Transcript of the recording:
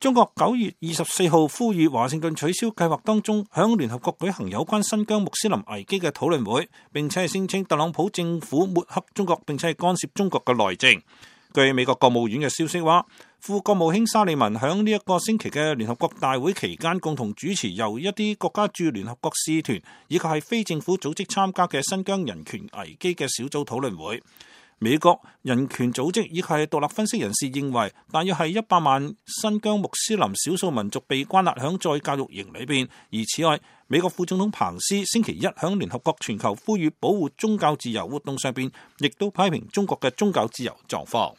中國九月二十四號呼籲華盛頓取消計劃當中，響聯合國舉行有關新疆穆斯林危機嘅討論會，並且係聲稱特朗普政府抹黑中國，並且係干涉中國嘅內政。據美國國務院嘅消息話，副國務卿沙利文響呢一個星期嘅聯合國大會期間，共同主持由一啲國家駐聯合國使團以及係非政府組織參加嘅新疆人權危機嘅小組討論會。美國人權組織以及獨立分析人士認為，大約係一百萬新疆穆斯林少數民族被關押響再教育營裏邊。而此外，美國副總統彭斯星期一響聯合國全球呼籲保護宗教自由活動上邊，亦都批評中國嘅宗教自由狀況。